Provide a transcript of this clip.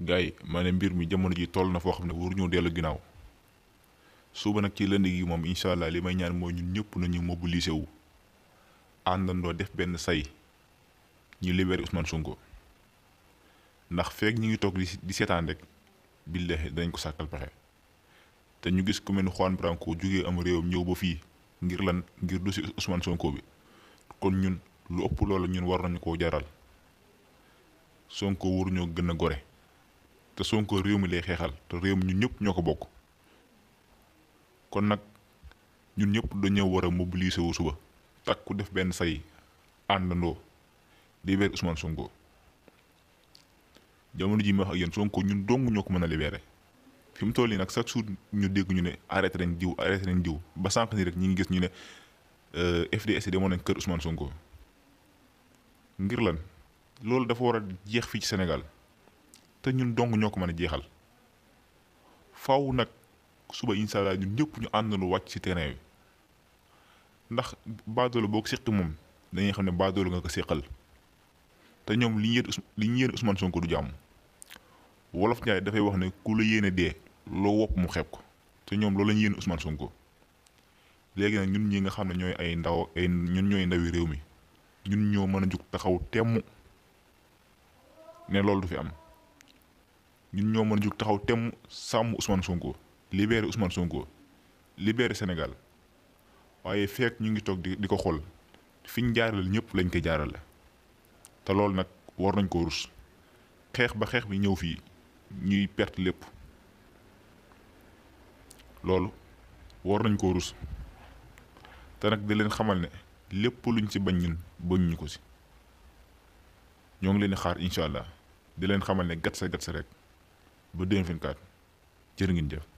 gars yi ma mbir mi jamono ji toll na foo xam ne ñoo dellu ginnaaw suba nag ci lënd gi moom incha allah li may ñaan mooy ñun ñëpp nañu mobiliser wu àndandoo def benn say ñu libéré Ousmane Sonko ndax feek ñu ngi toog di seetaan rek billahi dañ ko sàkkal pexe te ñu gis ku mel ni Juan Branco jógee am réewam ñëw ba fii ngir lan ngir dossier Ousmane Sonko bi kon ñun lu ëpp loolu ñun war nañu ko jaral Sonko waruñoo gën a gore te Sonko réew mi lay xeexal te réew mi ñun ñëpp ñoo ko bokk kon nag ñun ñëpp dañoo war a mobiliser wu suba takku def benn say àndandoo libéré Ousmane Sonko jamono ji ma wax ak yéen Sonko ñun dong ko mën a libéré fi mu toll nii nag chaque jour ñu dégg ñu ne arrêté nañ diw arrêté nañ diw ba sànq ni rek ñi ngi gis ñu ne euh, FDS demoon nañ kër Ousmane Sonko ngir lan loolu dafa war a jeex fii ci senegal te ñun dong ñoo ko mën a jeexal faw nag suba incha allah ñun ñëpp ñu àndandoo wàcc ci terrain bi ndax baadoolo boo ko séqi moom dañuy xam ne baadoolo nga ko séqal te ñoom li ñu yéen li ñu yéen Ousmane Sonko du jàmm wolof Njaay dafay wax ne ku la yéene dee loo wopp mu xeeb ko te ñoom loolu la ñu yéen Ousmane Sonko léegi nag ñun ñi nga xam ne ñooy ay ndaw ay ñun ñooy ndawi réew mi ñun ñoo mën a jóg taxaw temm ne loolu du fi am. ñun ñoo mën a jug taxaw temm sàmm Ousmane Sonko libéré Ousmane Sonko libéré Sénégal waaye feek ñu ngi toog di di ko xool fiñ ñu jaarale ñëpp lañ koy jaarale te loolu nag war nañ ko rus xeex ba xeex bi ñëw fii ñuy perte lépp loolu war nañ ko rus te nag di leen xamal ne lépp luñ ci bañ ñun bañ ñu ko si ñoo ngi leen di xaar incha allah di leen xamal ne gat sa gat sa rek. bu ba 2024 jërë ngin jëf.